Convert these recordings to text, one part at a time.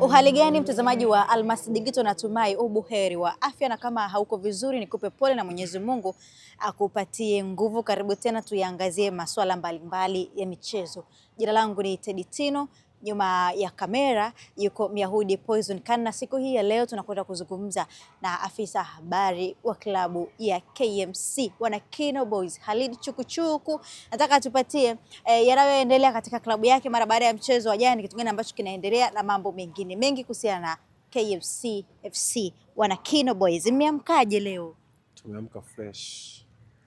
Uhali gani mtazamaji wa Almas Digital, natumai ubuheri wa afya, na kama hauko vizuri nikupe pole na Mwenyezi Mungu akupatie nguvu. Karibu tena, tuyaangazie masuala mbalimbali ya michezo. Jina langu ni Teddy Tino, nyuma ya kamera yuko Myahudi Poison Khan, na siku hii ya leo tunakwenda kuzungumza na afisa habari wa klabu ya KMC wana Kino Boys Khalid Chukuchuku. Nataka atupatie e, yanayoendelea katika klabu yake mara baada ya mchezo wa jana, kitu gani ambacho kinaendelea na mambo mengine mengi kuhusiana na KMC FC wana Kino Boys. Mmeamkaje leo? Tumeamka fresh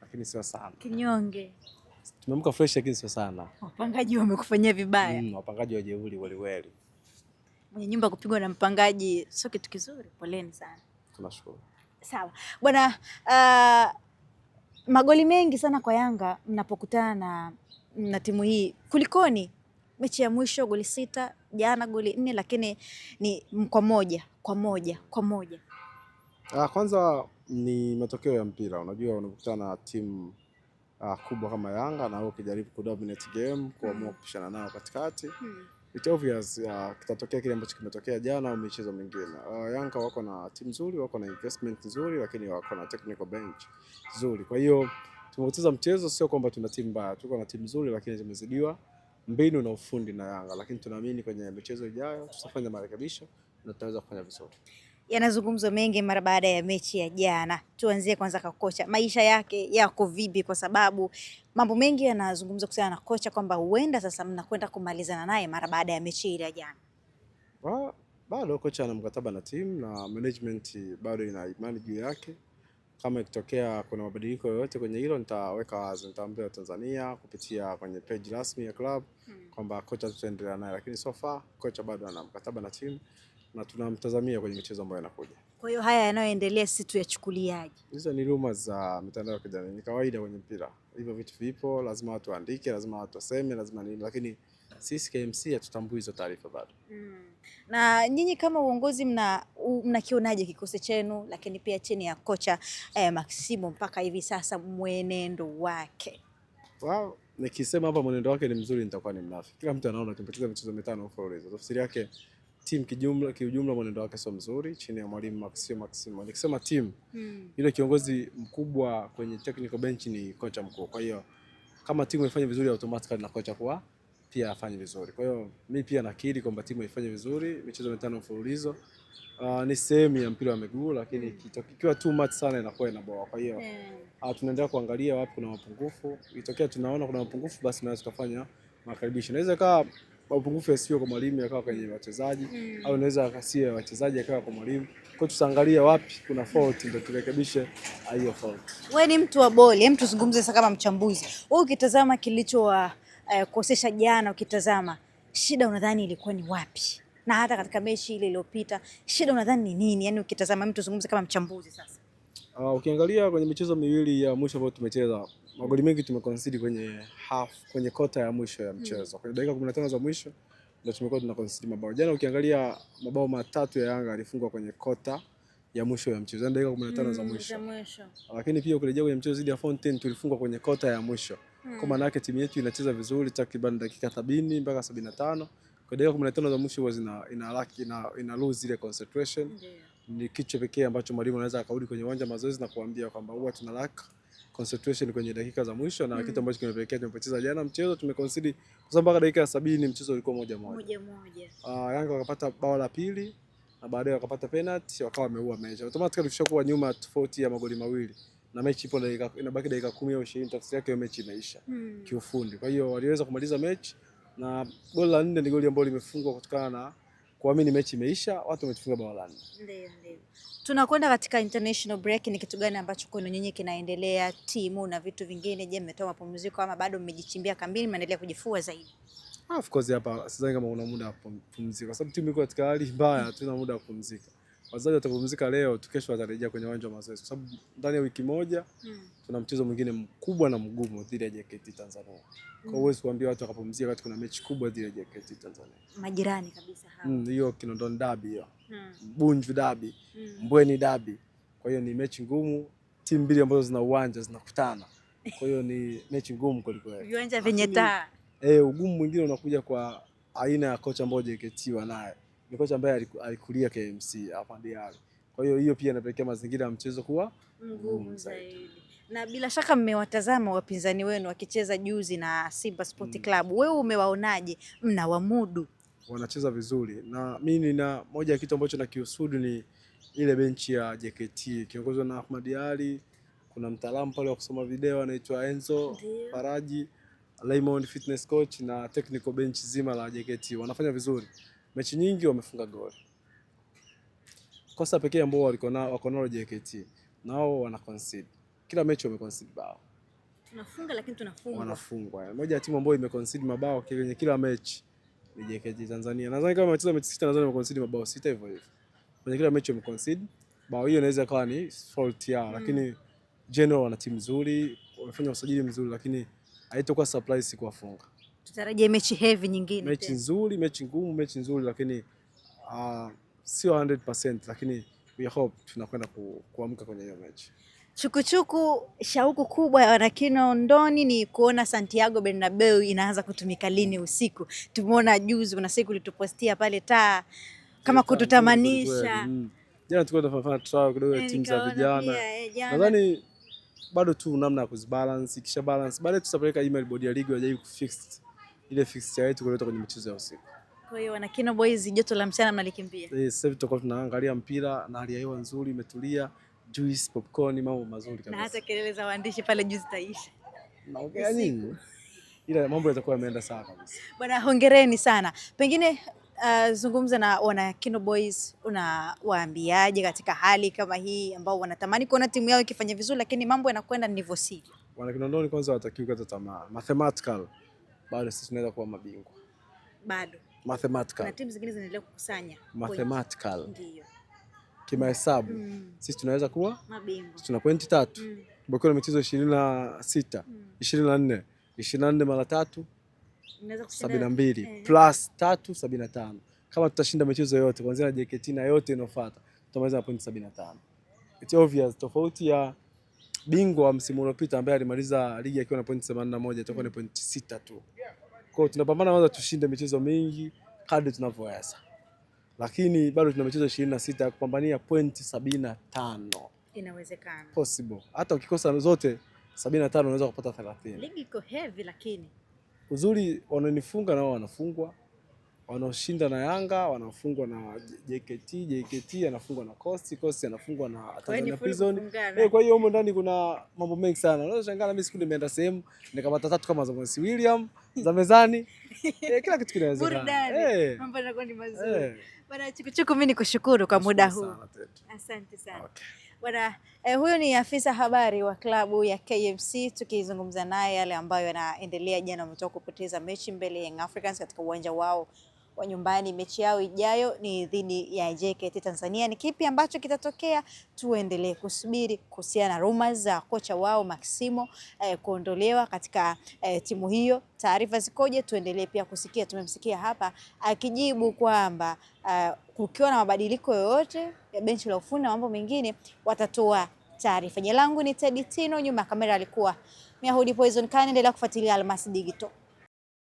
lakini sio sana. Kinyonge. Tumeamka fresh lakini sio sana. Wapangaji wamekufanyia vibaya. Mm, wapangaji wa jeuri waliweli. Mwenye nyumba kupigwa na mpangaji sio kitu kizuri. Poleni sana. Tunashukuru. Sawa. Bwana uh, magoli mengi sana kwa Yanga mnapokutana na na timu hii. Kulikoni? Mechi ya mwisho goli sita, jana goli nne lakini ni kwa moja, kwa moja, kwa moja. Ah, kwanza ni matokeo ya mpira. Unajua unapokutana na timu uh, kubwa kama Yanga, na wewe ukijaribu dominate game, kuamua mm. kupishana nao katikati hmm. It's obvious uh, kitatokea kile ambacho kimetokea jana au michezo mingine uh, Yanga wako na timu nzuri, wako na investment nzuri, lakini wako na technical bench nzuri. Kwa hiyo tumepoteza mchezo, sio kwamba tuna timu mbaya, tuko na timu nzuri, lakini zimezidiwa mbinu na ufundi na Yanga, lakini tunaamini kwenye michezo ijayo tutafanya marekebisho na tutaweza kufanya vizuri yanazungumzwa mengi mara baada ya mechi ya jana. Tuanzie kwanza kwa kocha, maisha yake yako vipi? Kwa sababu mambo mengi yanazungumzwa kuhusiana na kocha kwamba huenda sasa mnakwenda kumalizana naye mara baada ya mechi ile ya jana. Well, bado kocha ana mkataba na timu na management bado ina imani juu yake. Kama ikitokea kuna mabadiliko yoyote kwenye hilo, nitaweka wazi, nitaambia tanzania kupitia kwenye page rasmi ya club hmm, kwamba kocha tutaendelea naye, lakini so far kocha bado ana mkataba na timu na tunamtazamia kwenye michezo ambayo inakuja. Kwa hiyo haya yanayoendelea sisi tuyachukuliaje? Hizo ni rumors za mitandao ya kijamii, ni kawaida kwenye mpira, hivyo vitu vipo, lazima watu waandike, lazima watu waseme, lazima nini, lakini sisi KMC hatutambui hizo taarifa bado. Mm. Na nyinyi kama uongozi mna mnakionaje kikosi chenu, lakini pia chini ya kocha eh, Maximo mpaka hivi sasa mwenendo wake? Wow. Nikisema hapa mwenendo wake ni mzuri nitakuwa ni mnafiki. Kila mtu anaona tumpoteza michezo mitano mfululizo. Tafsiri yake team kijumla, kiujumla mwenendo wake sio mzuri chini ya mwalimu Maximo Maximo. Nikisema team hmm, ile kiongozi mkubwa kwenye technical bench ni kocha mkuu. Kwa hiyo kama timu ifanye vizuri automatically na kocha kwa pia afanye vizuri. Kwa hiyo mimi pia nakiri kwamba timu ifanye vizuri michezo mitano mfululizo. Uh, ni sehemu ya mpira wa miguu lakini mm, ikiwa too much sana inakuwa inaboa. Kwa hiyo mm, tunaendelea kuangalia wapi kuna mapungufu. Ikitokea tunaona kuna mapungufu, basi naweza tukafanya makaribisho. Naweza kaa mapungufu yasiyo kwa mwalimu yakawa kwenye wachezaji mm. au inaweza akasia ya wachezaji yakawa kwa mwalimu. Kwa hiyo tutaangalia wapi kuna fault ndio turekebishe hiyo fault. Wewe ni mtu wa boli, hem, tuzungumze sasa kama mchambuzi. Wewe ukitazama wa uh, eh, jana, ukitazama shida, unadhani ilikuwa ni wapi? Na hata katika mechi ile iliyopita shida unadhani ni nini? Yani ukitazama, hem, tuzungumze kama mchambuzi sasa. Uh, ukiangalia kwenye michezo miwili ya mwisho ambayo tumecheza magoli mengi tumeconcede kwenye half, kwenye kota ya mwisho ya mchezo mm. kwenye dakika 15 za mwisho ndio tumekuwa tunaconcede mabao. Jana ukiangalia mabao matatu ya Yanga alifungwa kwenye kota ya mwisho ya mchezo, dakika 15 mm, za mwisho. Lakini pia ukirejea kwenye mchezo dhidi ya Fountain tulifungwa kwenye kota ya mwisho. Kwa mm. maana yake timu yetu inacheza vizuri takriban dakika 70 mpaka 75. Kwa dakika 15 za mwisho huwa zina ina lack ina, ina lose ile concentration. Ni kichwa pekee ambacho mwalimu anaweza akarudi kwenye uwanja mazoezi na kuambia kwamba huwa tuna lack concentration kwenye dakika za mwisho na mm. kitu ambacho kimepelekea tumepoteza jana mchezo, tumeconcede kwa sababu mpaka dakika ya sabini mchezo ulikuwa moja moja. moja moja. Uh, Yanga wakapata bao la pili na baadaye wakapata penalty wakawa wameua mechi. Automatically tulishakuwa nyuma tofauti ya magoli mawili na mechi ipo dakika inabaki dakika kumi au ishirini, tafsiri yake hiyo mechi imeisha mm. kiufundi. Kwa hiyo waliweza kumaliza mechi na goli la nne ni goli ambalo limefungwa kutokana na kuamini mechi imeisha, watu wametufunga bao la nne. Tunakwenda katika international break. Ni kitu gani ambacho kwenu nyinyi kinaendelea, timu na vitu vingine? Je, mmetoa mapumziko ama bado mmejichimbia kambini, mnaendelea kujifua zaidi? Ah, of course hapa sidhani kama una muda wa kupumzika, kwa sababu timu iko katika hali mbaya, tuna muda wa kupumzika wachezaji watapumzika leo tu, kesho watarejea kwenye uwanja wa mazoezi, kwa sababu ndani ya wiki moja mm. tuna mchezo mwingine mkubwa na mgumu dhidi ya JKT Tanzania. Kwa hiyo hmm. huwezi kuambia watu wakapumzika wakati kuna mechi kubwa dhidi ya JKT Tanzania, majirani kabisa hao, hmm, hiyo mm, Kinondoni dabi hiyo mm. Mbunju dabi mm. Mbweni dabi. Kwa hiyo ni mechi ngumu, timu mbili ambazo zina uwanja zinakutana, kwa hiyo ni mechi ngumu kwelikweli, uwanja wenye taa. Eh, ugumu mwingine unakuja kwa aina ya kocha ambao JKT wanaye ni kocha ambaye alikulia KMC hapa DR. Kwa hiyo hiyo pia inapelekea mazingira ya mchezo kuwa ngumu zaidi. Na bila shaka mmewatazama wapinzani wenu wakicheza juzi na Simba Sport mm. Club. Wewe umewaonaje? Mna wamudu? Wanacheza vizuri na mimi nina moja ya kitu ambacho nakiusudu ni ile benchi ya JKT kiongozwa na Ahmad Ali. Kuna mtaalamu pale wa kusoma video anaitwa Enzo Ndiyo. Faraji, Raymond fitness coach na technical bench zima la JKT wanafanya vizuri mechi nyingi wamefunga goli. Kosa pekee ambao waliko nao wako nalo JKT nao wana concede kila mechi, wame concede bao. Tunafunga lakini tunafungwa, wanafungwa. Moja ya timu ambayo ime concede mabao kwenye kila mechi ni JKT Tanzania. Nadhani kama wamecheza mechi sita, nadhani wame concede mabao sita hivyo hivyo kwenye kila mechi wame concede bao. Hiyo inaweza kuwa ni fault yao, mm. lakini general wana timu nzuri, wamefanya usajili mzuri, lakini haitakuwa surprise kuwafunga tutarajie mechi heavy nyingine, mechi nzuri, mechi ngumu, mechi nzuri, lakini uh, sio 100% lakini we hope tunakwenda ku, kuamka kwenye hiyo mechi. Chukuchuku, shauku kubwa ya wanakinondoni ni kuona Santiago Bernabeu inaanza kutumika lini usiku. Tumeona juzi, kuna siku ulitupostia pale taa kama kututamanisha mm. jana, tulikuwa tunafanya trial kidogo ya eh, timu za vijana, eh, nadhani bado tu namna ya kuzibalance, kisha balance baadaye tutapeleka email bodi ya ligi wajaribu kufix ile fixture yetu kuleta kwenye michezo ya usiku. Kwa hiyo Kino boys, joto la mchana mnalikimbia. Eh, sasa hivi tutakuwa tunaangalia mpira na hali ya hewa nzuri imetulia, juice, popcorn, mambo mazuri kabisa. Na hata kelele za waandishi pale juu zitaisha. Naongea nini? Ila mambo yatakuwa yameenda sawa kabisa. Bwana, hongereni sana. Pengine Uh, zungumza na wana Kino Boys, unawaambiaje katika hali kama hii ambao wanatamani kuona timu yao ikifanya vizuri, lakini mambo yanakwenda ndivyo sivyo? Wana Kinondoni kwanza watakiwa kukata tamaa mathematical bado sisi tunaweza kuwa mabingwa bado. Mathematical na timu zingine zinaendelea kukusanya mathematical, ndio kimahesabu mm. sisi tunaweza kuwa mabingwa, tuna pointi tatu mm. tubakiwa na michezo ishirini na sita mm. ishirini na nne ishirini na nne mara tatu sabini na mbili eh, plus tatu sabini na tano Kama tutashinda michezo yote kuanzia na JKT na yote inayofuata tutamaliza na pointi sabini na tano. It's obvious tofauti ya bingwa wa msimu uliopita ambaye alimaliza ligi akiwa na pointi 81 itakuwa ni pointi 6 tu. Kwa hiyo tunapambana kwanza tushinde michezo mingi kadri tunavyoweza, lakini bado tuna michezo 26 ya kupambania pointi 75. Inawezekana possible, hata ukikosa zote 75 unaweza kupata 30. Ligi iko heavy, lakini uzuri wananifunga na wao wanafungwa wanaoshinda na Yanga wanafungwa na JKT, JKT anafungwa na Coast, Coast anafungwa na Tanzania Prison. Kwa hiyo eh, huko ndani kuna mambo mengi sana. Unaweza shangaa mimi siku nimeenda sehemu nikapata tatu kama za Mwansi William za mezani. Eh, kila kitu kinawezekana. Eh, mambo yanakuwa ni mazuri. Eh. Bwana Chukuchuku, mimi nikushukuru kwa muda huu. Asante sana. Okay. Bwana eh, huyu ni afisa habari wa klabu ya KMC tukizungumza naye yale ambayo yanaendelea. Jana wametoka kupoteza mechi mbele ya Young Africans katika uwanja wao wa nyumbani. Mechi yao ijayo ni dhidi ya JKT Tanzania. Ni kipi ambacho kitatokea? Tuendelee kusubiri kuhusiana na rumors za kocha wao Maximo eh, kuondolewa katika eh, timu hiyo. Taarifa zikoje? Tuendelee pia kusikia. Tumemsikia hapa akijibu kwamba eh, kukiwa na mabadiliko yoyote ya benchi la ufundi na mambo mengine watatoa taarifa. Jina langu ni Teddy Tino, nyuma ya kamera alikuwa Myahudi Poison Khan. kufuatilia Almasi Digital.